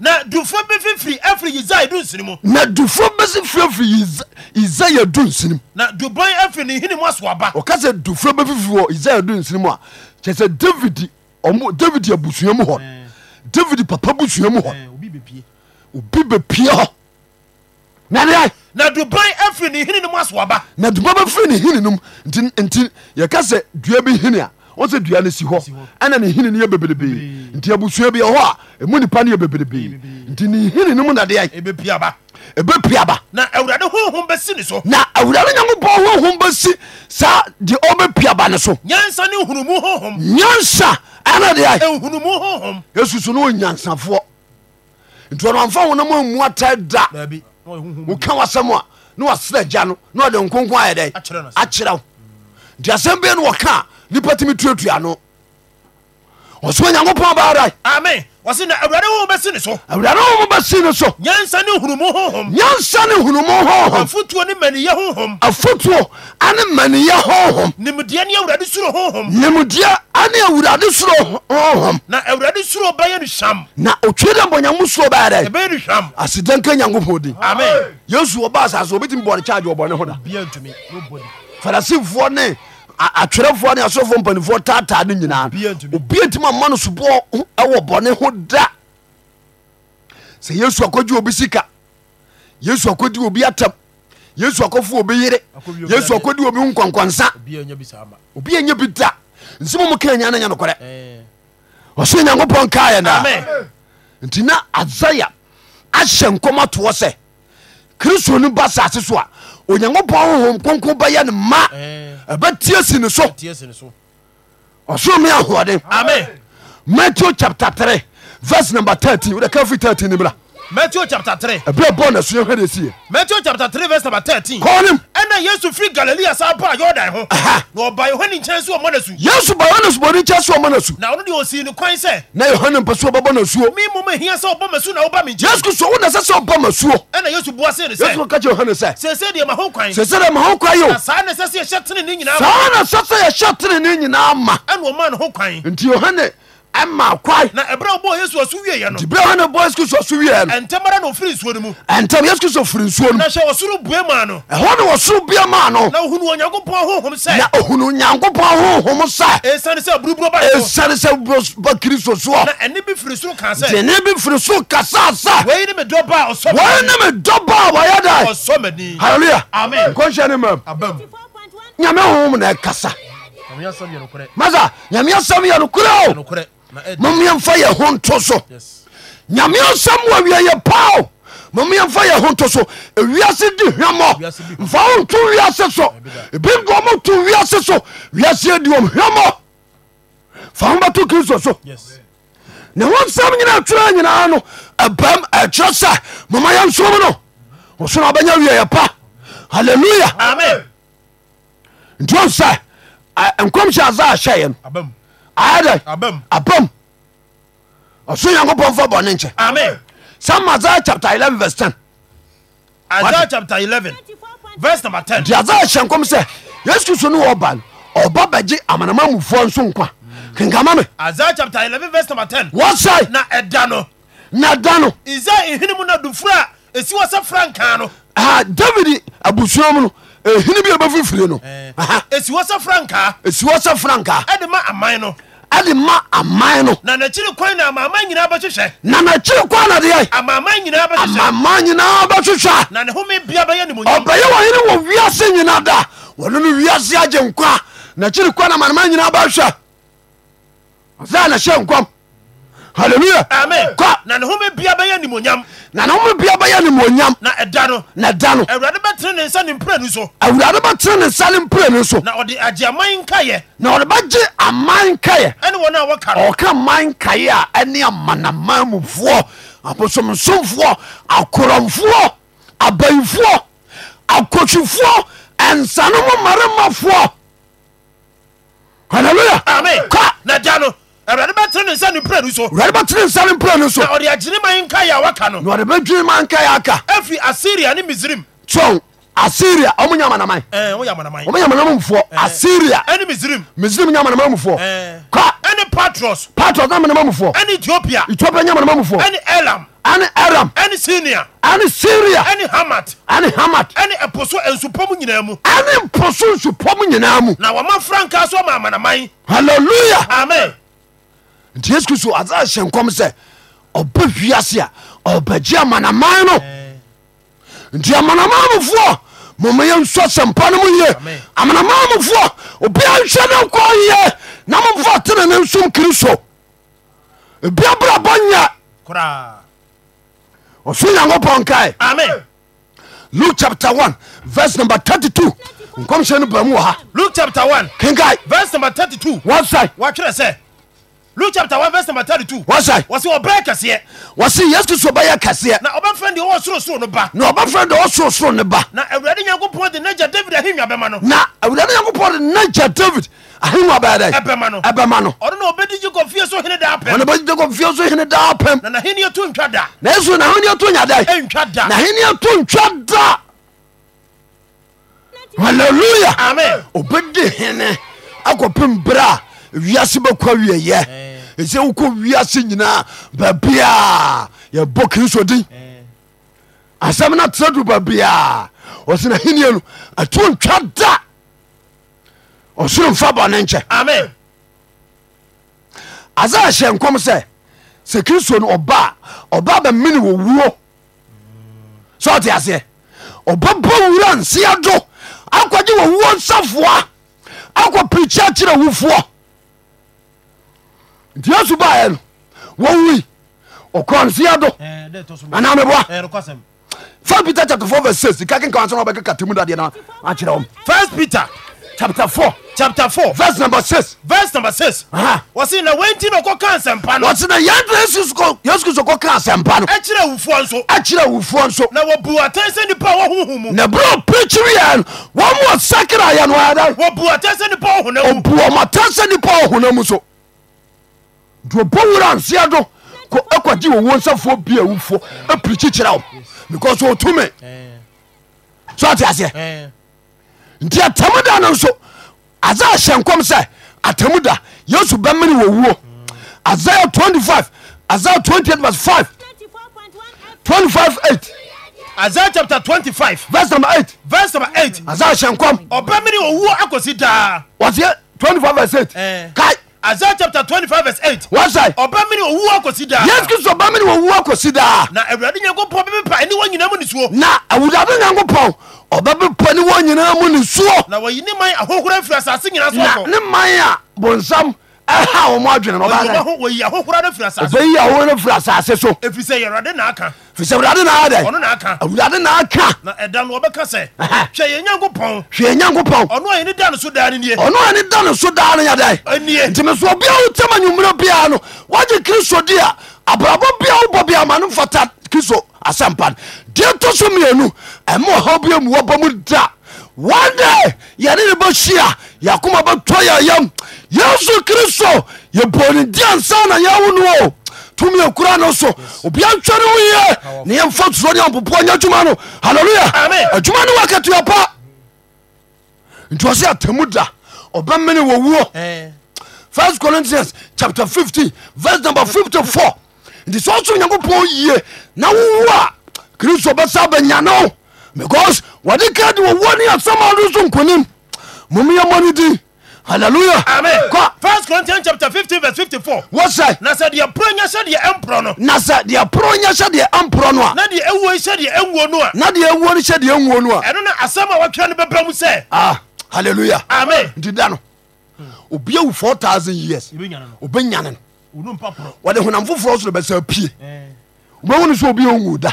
na dufo bi fifiri efiri yisaya du nsini mu. na dufo bi si firifiri yisaya du nsini mu. na dubɔn efiri ni hinni mu asoaba. o ka sɛ dufo bi fifiri wɔ yisaya du nsini mu a kyerɛ sɛ david ɔmo david abusua mu hɔ eh. david papa busua mu hɔ eh, obi bɛ pie obi bɛ hɔ na de ayi. na dubɔn efiri ni hinni mu asoaba. na dubɔn bi firi ni hinni mu nti nti yɛ ka sɛ dua bi hinni a wɔsɛ dua no si hɔ ɛna ne hene no yɛ bebrebee nti abusua bi ɛhɔ a ɛmu nipa no yɛ bebrebee nti ne hene no mu nadeɛ ɛbɛpiaba ɛbɛpiaba na awurade honhom bɛsi ne so na awurade nyankopɔn honhom bɛsi saa deɛ ɔbɛpiaba ne so nyansa ne hunumu honhom nyansa ɛna deɛ hunumu honhom yesu so ne wɔ nyansafoɔ nti ɔnamfa wo no ma mu atae da
woka wasɛm
a ne wasera gya no na ɔde nkonko ayɛ dɛn akyerɛ wo nti asɛm bia no wɔkaa nipa timi tuatua no ɔsoma nyankopɔn baada ame wɔse na awurade wo bɛsi ne so awurade wo bɛsi ne so nyansa ne hunumu honhom nyansa ni hunumu honhom afotuo ne maniyɛ honhom afotuo ane maniyɛ honhom nimdeɛ ne awurade suro honhom nimdeɛ ani awurade suro honhom na awurade suro bɛyɛ ni hwam na otwe dɛ mbɔnyamu suro bɛyɛ dɛ ɛbɛyɛ no hwam asedanka nyankopɔn din amen yesu ɔba asase obɛtumi charge kyagye ɔbɔne ho da farisefoɔ ne atwerɛfoɔ ne asorofoɔ mpanifoɔ taataa no nyinaa obia ntimi amma no soboɔ ɛwɔ bɔne ho da sɛ yesu akɔgye obi sika yesu akɔdi obi atam yesu akɔfo obi yere yesu akɔdi obi nkɔnkɔnsa obi anya bi da nsɛm mu ka nya no nyɛ nokorɛ ɔso nyankopɔn kaɛ daa nti na asaia ahyɛ nkɔm atoɔ sɛ kristo no ba saase so a onyankopɔn hohom kronkron bɛyɛ no ma ɛbɛtie si ne so ɔsoro me ahoɔden matthew chapter 3 verse number 13 wodɛ ka firi 13 ni bra matthew chapter three. ẹbí ọbọ na sunyẹn hwẹ de si yẹ. matthew chapter three verse number thirteen. kọ́ọ́nìm. ẹnna yesu firi galilea sáà bá yọ̀ọ̀dà hó. na ọba yohane nkyɛn so ɔmɔ na su. yesu ba yohane sọ bọni nkyɛn so ɔmɔ na su. na ɔno de osi ni kwan sɛ. na yohane mpɛ so ɔbɛbɔ na suo. mi mu ma hiya sɛ ɔbɔ ma su na ɔba mi nkyɛn. yesu sọ wọn na sɛ sɛ ɔbɔ ma suo. ɛnna yesu bu ase ni sɛ. yesu kɔ kɛ yohane sɛ. sese de ma ho kwan. sese de ma ho kwan yi o. na saa na sɛ sɛ yɛ hyɛ tene ne nyinaa ma. saa na sɛ sɛ yɛ hyɛ tene ne nyinaa ma. ɛnna ɔma ne ho kwan. nti yohane ɛma kwae na ɛberɛ wobɔɔ yesu ɔso wieɛ no nti berɛ hɔ ne bɔ yesu kristo so wieɛ no ɛntɛm ara na ɔfiri nsuo no mu ɛntɛm yesu kristo firi nsuo no na hyɛ ɔsoro bue maa no ɛhɔ ne wɔsoro bia maa no na ohunu onyankopɔn honhom sɛ na ohunu onyankopɔn honhom sɛ ɛsiane sɛ buruburo ba ɛsiane sɛ ba kristo soɔ na ɛne bi firi soro kaa sɛ ɛne bi firi soro kasaa sɛ wɔyi ne me dɔ ba a ɔsɔ wɔyi ne me dɔ ba a wɔyɛ da ɔsɔ m'ani hallelujah amen nkɔnhyɛ ne mam nyame honhom na ɛkasa masa nyame asɛm yɛ nokorɛ o
momeɛmfa
yɛ ho nto so nyameɛ sɛm wɔ awiayɛ pao momɛfa yɛ ho to so wiase gi hwɛm mfa onto wiase so biɔmo towiase so wiaseadihwɛm fa ho bɛto khristo so ne ho nsɛm nyina terɛ nyinaa no abɛm kyerɛ sɛ moma yɛ nsom no osona obɛnya wiyɛ pa alleluya ntu sɛ nkohyɛ aza hyɛɛ no ayɛdɛ abam ɔso nyankopɔn fa bɔne nkyɛ sam isaiah chapter 11 verse 10 isaiah chapter 11 verse number 10 de isaiah hyɛ nkɔm sɛ yesu kristo ne wɔba no ɔba bɛgye amanama mufoɔ nso nkwa kenkama me isaiah chapter 11 verse number 10 wɔsɛe na na da no na dufuro a esi wɔ sɛ frankaa no david abusua mu no ehini bi a bɛfifire no eh. esi wɔ sɛ frankaa esi wɔ sɛ frankaa ɛde ma aman no ɛde ma aman no na nakyiri kwan na amama nyinaa bɛhwehwɛ na nakyiri kwan na deɛ amama nyinaa bɛhwehwɛ na ne home bia bɛyɛ ne monyam ɔbɛyɛ wɔhene wɔ wiase nyinaa da wɔne no wiase agye nkwa nakyiri kwan na amanama nyinaa bɛhwɛ ɔsɛ na hyɛ Hallelujah. amen kɔ na ne home bia bɛyɛ nimonyam na ne home bia bɛyɛ nimonyam na ɛda no na ɛda no awurade bɛtene ne nsa ne mpranu so awurade bɛtene ne nsa ne mpranu so na ɔde agye aman nkayɛ na ɔde bɛgye aman nkayɛ ɛne wɔn a wɔka no ɔka man nkayɛ a ɛne amanaman mufoɔ abosomsomfoɔ akorɔmfoɔ abayifoɔ akotwifoɔ ɛnsanom maremafoɔ Hallelujah. amen kɔ na da no awurade bɛtene ne nsa ne pranu so awurade bɛtene nsa ne mpranu so na ɔde agyene man nka yɛ awaka no na ɔde bɛdwene ma nka yɛ aka ɛfiri asiria ne misrim tɔn asiria ɔmo nyɛ amanama ɔmo nyɛ amanama mufoɔ asiria ɛne misrim misrim nyɛ amanama mufoɔ kɔ ɛne patros patros nyɛ amanama mufoɔ ɛne ethiopia ethiopia nyɛ amanama mufoɔ ɛne elam ɛne aram ɛne sinia ɛne syria ɛne hamat ɛne hamat ɛne ɛpo so nsupɔm nyinaa mu ɛne mpo so nsupɔm nyinaa mu na wɔma frankaa so ama amanaman halleluya amen nti yesu kristo asa hyɛ nkɔm sɛ ɔba wiase a ɔbagye amanaman no nti amanamamufoɔ momayɛ nsɔ sɛmpa no mu ye amanamamufoɔ obia nhwɛ no nkɔ ye na momfa tene ne nsom kristo bia brabɔ nyɛ ɔso nyankopɔn kae luke chapter 1 verse number 32 nkɔmhyɛ no ba mu wɔ ha luke chapter 1 kenkae verse number 32 website wɔtwerɛ sɛ luke chapter one verse number thirty two. wọ́n sẹ́. wọ́n sẹ́ ọbẹ̀ kẹsíẹ́. wọ́n sẹ́ yẹ́sù sọ bẹ́ẹ̀ yẹ kẹsíẹ́. na ọbẹ̀ fẹ́ de ọwọ́ sorosoro ni ba. na ọbẹ̀ fẹ́ de ọwọ́ sorosoro ni ba. na awurade nyankopɔn de n'agya david ahinya bẹ́ẹ̀ ma na awurade nyankopɔn de n'agya david ahinya bẹ́ẹ̀ dẹ́. ẹbẹ̀ ma no. ẹbẹ̀ ma no. ọdún náà ọbẹ̀ di jacob fiye so hinni daa pẹ́m. ọdún náà ọbẹ̀ di jacob fiye so na n'ahinni etu ntwa da. na esu n'ahinni etu hallelujah. amen. ọbẹ̀ di hinni akọ wiase bɛkɔ wieyɛ ɛsɛ wokɔ wiase nyinaa baabia yɛbɔ kristo din asɛm no tera du babia, ɔsena henie no atuo ntwa da ɔsoro mfa bɔne nkyɛ asa hyɛ nkɔm sɛ sɛ kristo no ɔba ɔba bɛmene wɔwuo sɛ ɔte aseɛ ɔbɛbɔ wura nseɛ do akɔgye wɔwuo nsafoa akɔ pirikyi akyerɛ wufoɔ nti yesu baɛ no wɔwui ɔkra no anaa meboa first peter chapter four verse six ìka kínkà wọn sọ wọn bẹ kíkà tìmú dàdí ẹ náà á first peter chapter four chapter four verse number six. verse number six. wọ́n sì na wọ́n ti na ọkọ̀ kan àsẹ̀mpa náà. wọ́n sì na yàtọ̀ yéésù kìsọ̀ kọ̀ kan àsẹ̀mpa náà. ẹ kyerẹ awufoɔ nso. ẹ kyerẹ awufoɔ nso. na wọ́n bu àtẹ́sẹ́ nípa wọ́n mu. na bro pírítìrì yẹn wọ́n mú ọ̀sákìrì àyẹ̀nù ayẹ̀dá. wọ́n bu àtẹ́sẹ́ nípa ọ̀hún náà mu. wọ́n bu ọ̀mọ̀tẹ́sẹ́ nípa ọ̀hún náà mu so nti ɔbɔ wura nseɛ do ɛkɔgye wɔwo nsafoɔ bia awufoɔ apirikyi kyerɛ wo because ɔtumi eh. so ate aseɛ eh. nti atamu da no nso asa hyɛ nkɔm sɛ atamu da yesu bɛmene wɔwuo isaiah 25 isaiah 28 vs 5 25 8 isaiah chapter 25 verse number 8 verse number 8 isaiah hyɛ nkɔm ɔbɛmene wɔwuo akɔsi daa wɔseɛ 25 vs 8 kae Isaiah chapter twenty five verse eight. wọ́n sẹ́. ọba mi ni òwú akọ̀sí daa. yéésù kìí sọ ọba mi ni òwú akọ̀sí daa. na awurade nyanko pọ̀ bẹ́ẹ̀ pa ẹni wọ́n nyinaa mu nìṣó. na awurade nyanko pọ̀ ọba bẹ́ẹ̀ pa ẹni wọ́n nyinaa mu nìṣó. na wọ́n yìí ní man ahóhóró efiri asase nyinaa sọ̀kọ̀. na ní man a bọ̀nsam ɛha wɔn adwene no ɔbɛyi ahohora no firi asase so ɛfiri sɛ awurade na aka awurade na aka na ɛda no wɔbɛka sɛ hwɛ yɛ nyankopɔn hwɛ yɛ nyankopɔn ɔno a yɛne da no so daa no nie ɔno a yɛne da no so daa no yɛdɛn nti me so obiaa wotam anwummerɛ biaa no woagye kristo di a abrabɔ biaa wobɔ bia ma no mfata kristo asɛmpa no deɛ to so mmienu ɛma ɔhaw bia mu wɔbɔ mu da one day yɛne ne bɛhyia yɛakoma bɛtɔ yɛyam yesu kristo yɛbone di ansa na yɛwo no o tumi akura no so obia ntwɛre wo yɛ ne yɛmfa turo ne ampopoa nya adwuma no halleluya adwuma no wakatua pa nti ɔsɛ atamu da ɔbɛmene wɔwuo eh. first corinthians chapter 15 verse number 54 nti sɛ ɔsom nyankopɔn yie na wowu a kristo bɛsa bɛnya no because wɔde ka de wɔwuo ne asɛm ado so nkonim momyɛmmɔ no din hallelujah amen kɔ first corinthians chapter fifteen verse fifty four. wɔsɛ. na sɛ deɛ poro nyɛ sɛ deɛ ɛnporɔ no. na sɛ deɛ poro nyɛ sɛ deɛ ɛnporɔ no a. na deɛ ewuo sɛ deɛ ewuo no a. na deɛ ewuo sɛ deɛ ewuo no a. ɛno na asɛm a wɔtwerɛ no bɛbrɛ mu sɛ. ah hallelujah amen nti da no obi awu four thousand years obi nyane no wɔde honam foforɔ soro bɛsɛ pie wobɛhunu eh. sɛ obi ɔwu da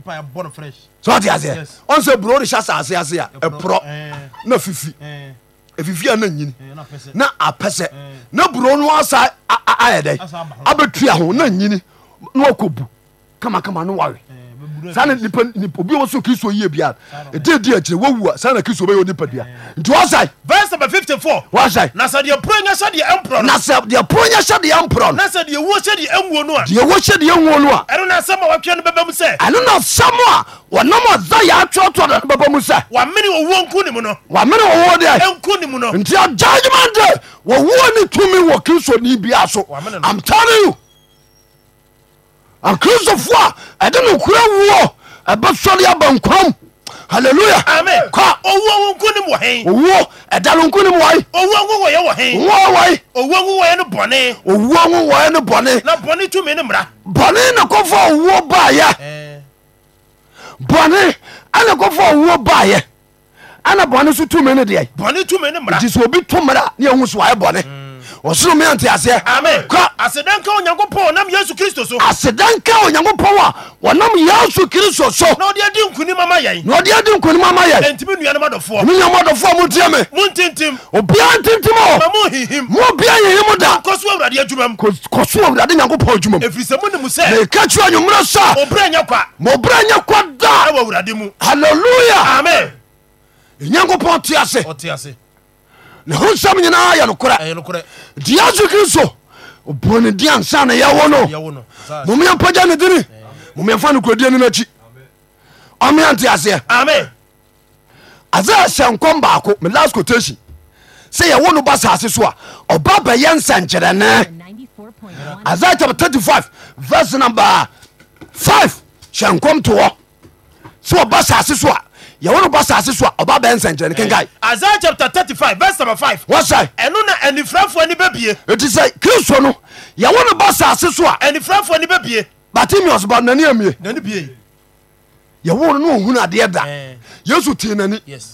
sɛ ɔte aseɛ ɔn sɛ buro rehyɛ asase ase a ɛporɔ eh. na fifi eh ɛfifia na nyini eh, na apɛ eh. na buro no asa ayɛ dɛ abɛtua ho na nyini na wakɔ bu kamakama no wawe
eh, sane
obi wɔ so kristo yie bia ɛdedi akyirɛ wawu a sane na bɛyɛ onipa dua nti wasae verse number fifty four. wɔsɛ. na sɛ deɛ poro nyɛ sɛ deɛ ɛnporɔ no. na sɛ deɛ poro nyɛ sɛ deɛ ɛnporɔ no. na sɛ deɛ wuo sɛ deɛ ɛnwuo no a. deɛ wuo sɛ deɛ ɛnwuo no a. ɛno na asɛm a wɔatwɛ no bɛbɛ mu sɛ. ɛno na asɛm a wɔnam ɔdza yɛ atwɔtɔ no bɛbɛ mu sɛ. wamene wɔwuo nku ne mu no. wamene wɔwuo deɛ. ɛnku ne mu no. nti agya adwuma de wɔwuo ne tumi wɔ kristo ni bia so. i'm telling you. akristofoɔ a ɛde nokora wuo ɛbɛsɔre hallelujah amen kọ. owó ohun kún ni wọ̀ hẹ́n. owó ẹ̀dáló nkún ni wọ̀nyí. owó ohun wọ̀nyẹ wọ̀ hẹ́n. owó wọ̀nyí. owó ohun wọ̀nyẹ ni bọ̀nẹ́. owó ohun wọ̀nyẹ ni bọ̀nẹ́. na bọ̀nẹ́ tún mi ni mìíràn. bọ̀nẹ́ ni kò fọ owó báyẹ. bọ̀nẹ́ ẹni kò fọ owó báyẹ. ẹni bọ̀nẹ́ sún tún mi ni diẹ. bọ̀nẹ́ tún mi ni mìíràn. jìsọ̀ obi tún mìíràn ni ehun sùn ayé bọ̀nẹ́. Mm ɔsorome ante aseɛ asedanka onyankopɔn nam yesu kristo so asedanka onyankopɔn a wɔnam yesu kristo so na ɔde adi nkonim ama yɛn na ɔde adi nkonim ama yɛn ntimi nuanom adɔfoɔ me nuanom adɔfoɔ motie me montintim obiaa ntintim o mo hihim mo obia yehi mo da kɔso awurade adwuma m kɔso awurade nyankopɔn adwuma m ɛfiri sɛ monim sɛ meka kyerɛ anwummerɛ sa mobrɛ nyɛ kwa da halleluya nyankopɔn te ase sɛm nyinaa yɛnokorɛ dasokeri so bɔne dea nsane yɛwono momeɛ pɛgane din oɛfano kradin nki ɔmeanteaseɛ iisayah sɛnk baako melas cotai sɛ yɛwono ba sase soa ɔba bɛyɛ nsɛngyerɛne is35 vs n 5 sɛnk ts yɛwore bɔ sase so a ɔba bɛɛ nsɛnkyerɛne kenkae eh, isaia chapter 35 verse number 5 wɔsɛe ɛno na anifirafoɔ ni bɛbie ɛti sɛ kristo no yɛwore bɔ sase so a anifirafoɔ ni bɛbie bartimeus ba nani amie nani bie yɛwore no ɔhunu eh. adeɛ da yesu tee nani wɔsɛ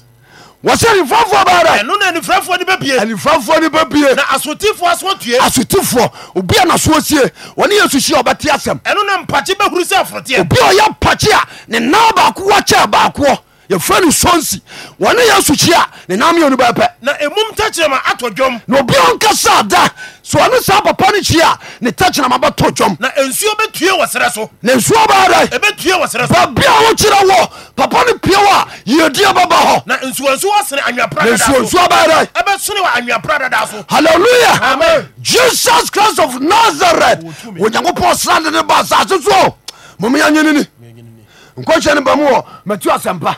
anifirafoɔ bɛɛdɛ ɛno na anifirafoɔ ni bɛbie anifirafoɔ ni bɛbie na asotifoɔ aso tue asotifoɔ obi a nasoɔ sie wɔne yesu hyia ɔbɛte asɛm ɛno na mpakye bɛhuru sɛ aforoteɛ obi a ɔyɛ mpakye a ne naa yɛfrɛ no sonsi wɔne yɛ asukyi a ne nam yɛ no bɛpɛ na ɛmum takyerɛma atɔ dwom na obi ɔnkasa da so ɔne saa papa no kyi a ne takyerɛma bɛtɔ dwom na nsuo bɛtue wɔ serɛ so na nsuo bɛada ɛbɛtue wɔ serɛ so babi a wokyerɛ wɔ papa no pie wɔ a yɛdiɛ bɛba hɔ na nsuonsuo sene anwapradansuonsuo bɛada ɛbɛsene wɔ anwapradadaa so halleluya jesus christ of nazareth onyankopɔn sra de ne ba asase so o momeyɛnyinini nkɔhyɛ no ba mu wɔ matu asɛmpa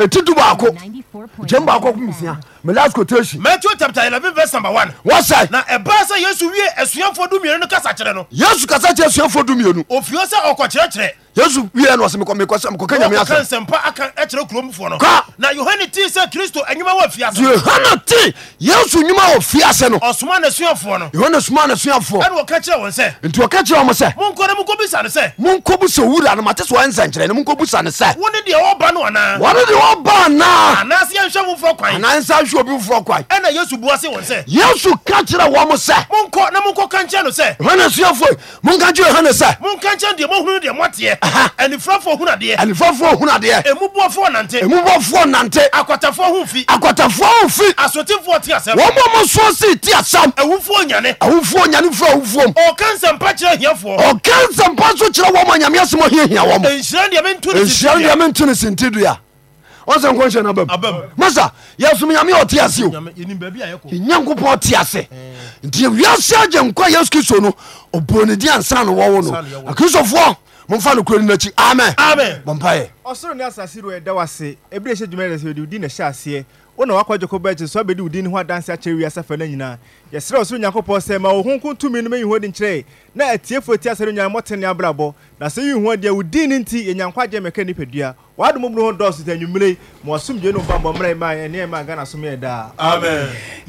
ɛtiti baako gyem baako ko nsia my last quotation. matthew chapter eleven verse number one. wọ́n sẹ́. na ẹ̀bá sẹ́ yéésù wíyẹ ẹ̀sùnyẹ́fọ́ dùmíyẹn ní kásá kyerẹ́ no. yéésù kásá kyerẹ́ ẹ̀sùnyẹ́fọ́ dùmíyẹn. òfin ọsẹ ọkọ kyerẹkyerẹ. yéésù wíyẹ ẹnu ọsẹ mi kọ mi kọ sẹ mi kọ kẹnyàmí asẹ. ọkọ aka ẹkyerẹ kurom fọ no. kọ́. na yohane ti sẹ kristo ẹnyuma wọ fiase. yohane ti yéésù nyuma wọ fiase no. ọsùnmọ́ ne no. yohane sùnmọ́ ne suafọ́. ẹni wọ́n kẹ́kyerẹ́ wọn sẹ́. nti wọ́n kẹ́kyerẹ́ wọn sẹ́. mu nkọ́ ne mu nkọ́ bisa ne sẹ́. mu nkọ́ bisa owurọ̀ àná màtí sọ ẹ̀ nsẹ̀nkyerẹ́ ni mu nkọ́ bisa ne sẹ́. wọ́n ni deɛ wọ́n ba no àná. wọ́n ni deɛ hwɛ obi foforɔ kwae ɛna yesu bua se wɔn sɛ yesu ka kyerɛ wɔ mo sɛ monkɔ na monkɔka nkyɛn no sɛ yohane suafoɔ monka kyerɛ yohane sɛ monka nkyɛn deɛ mohunu deɛ moateɛ anifrafoɔ hunu adeɛ anifafoɔ hunu adeɛ ɛmubuafoɔ nante ɛmubuafoɔ nante akwatafoɔ ho mfi akwatafoɔ ho mfi asotefoɔ te asɛm wɔn mo so se ti asɛm awufoɔ nyane awufoɔ nyane fura awufoɔ mu ɔka nsɛmpa kyerɛ ahiafoɔ ɔka nsɛmpa so kyerɛ wɔn ma nyame asɛm ahiahia wɔn nhyira deɛ mentu ne sintidua ɔsɛ nkɔ nhyɛ no abam masa yɛsom nyame ɔte ase o nyankopɔn te ase nti wiase agye nkwa yesu kristo no ɔboro ne di ansa no wɔwo no akristofoɔ momfa no kuro no n'akyi amen bɔmpaɛ
ɔsoro ne asase ro ɛda w ase ɛbirɛ hyɛ dwuma ɛsɛ wode wodi na hyɛ aseɛ wọn na wakɔ jacob bɛgye so abɛdi wodin ho adanse akyerɛ wiase fɛ no nyinaa yɛserɛ wo soro nyankopɔn sɛ ma wo honko tumi no mayi ho adi nkyerɛ na atiefoɔ ti asɛre nyinaa mmɔtene abrabɔ na sɛ yi ho deɛ wodin no nti yɛnyanko agye mɛka nipadua wadomɔbunu ho dɔɔso ta anwummere ma wasomdwe no mbammɔ mmerɛ ma ɛneɛ ma ghana so meɛ daa amen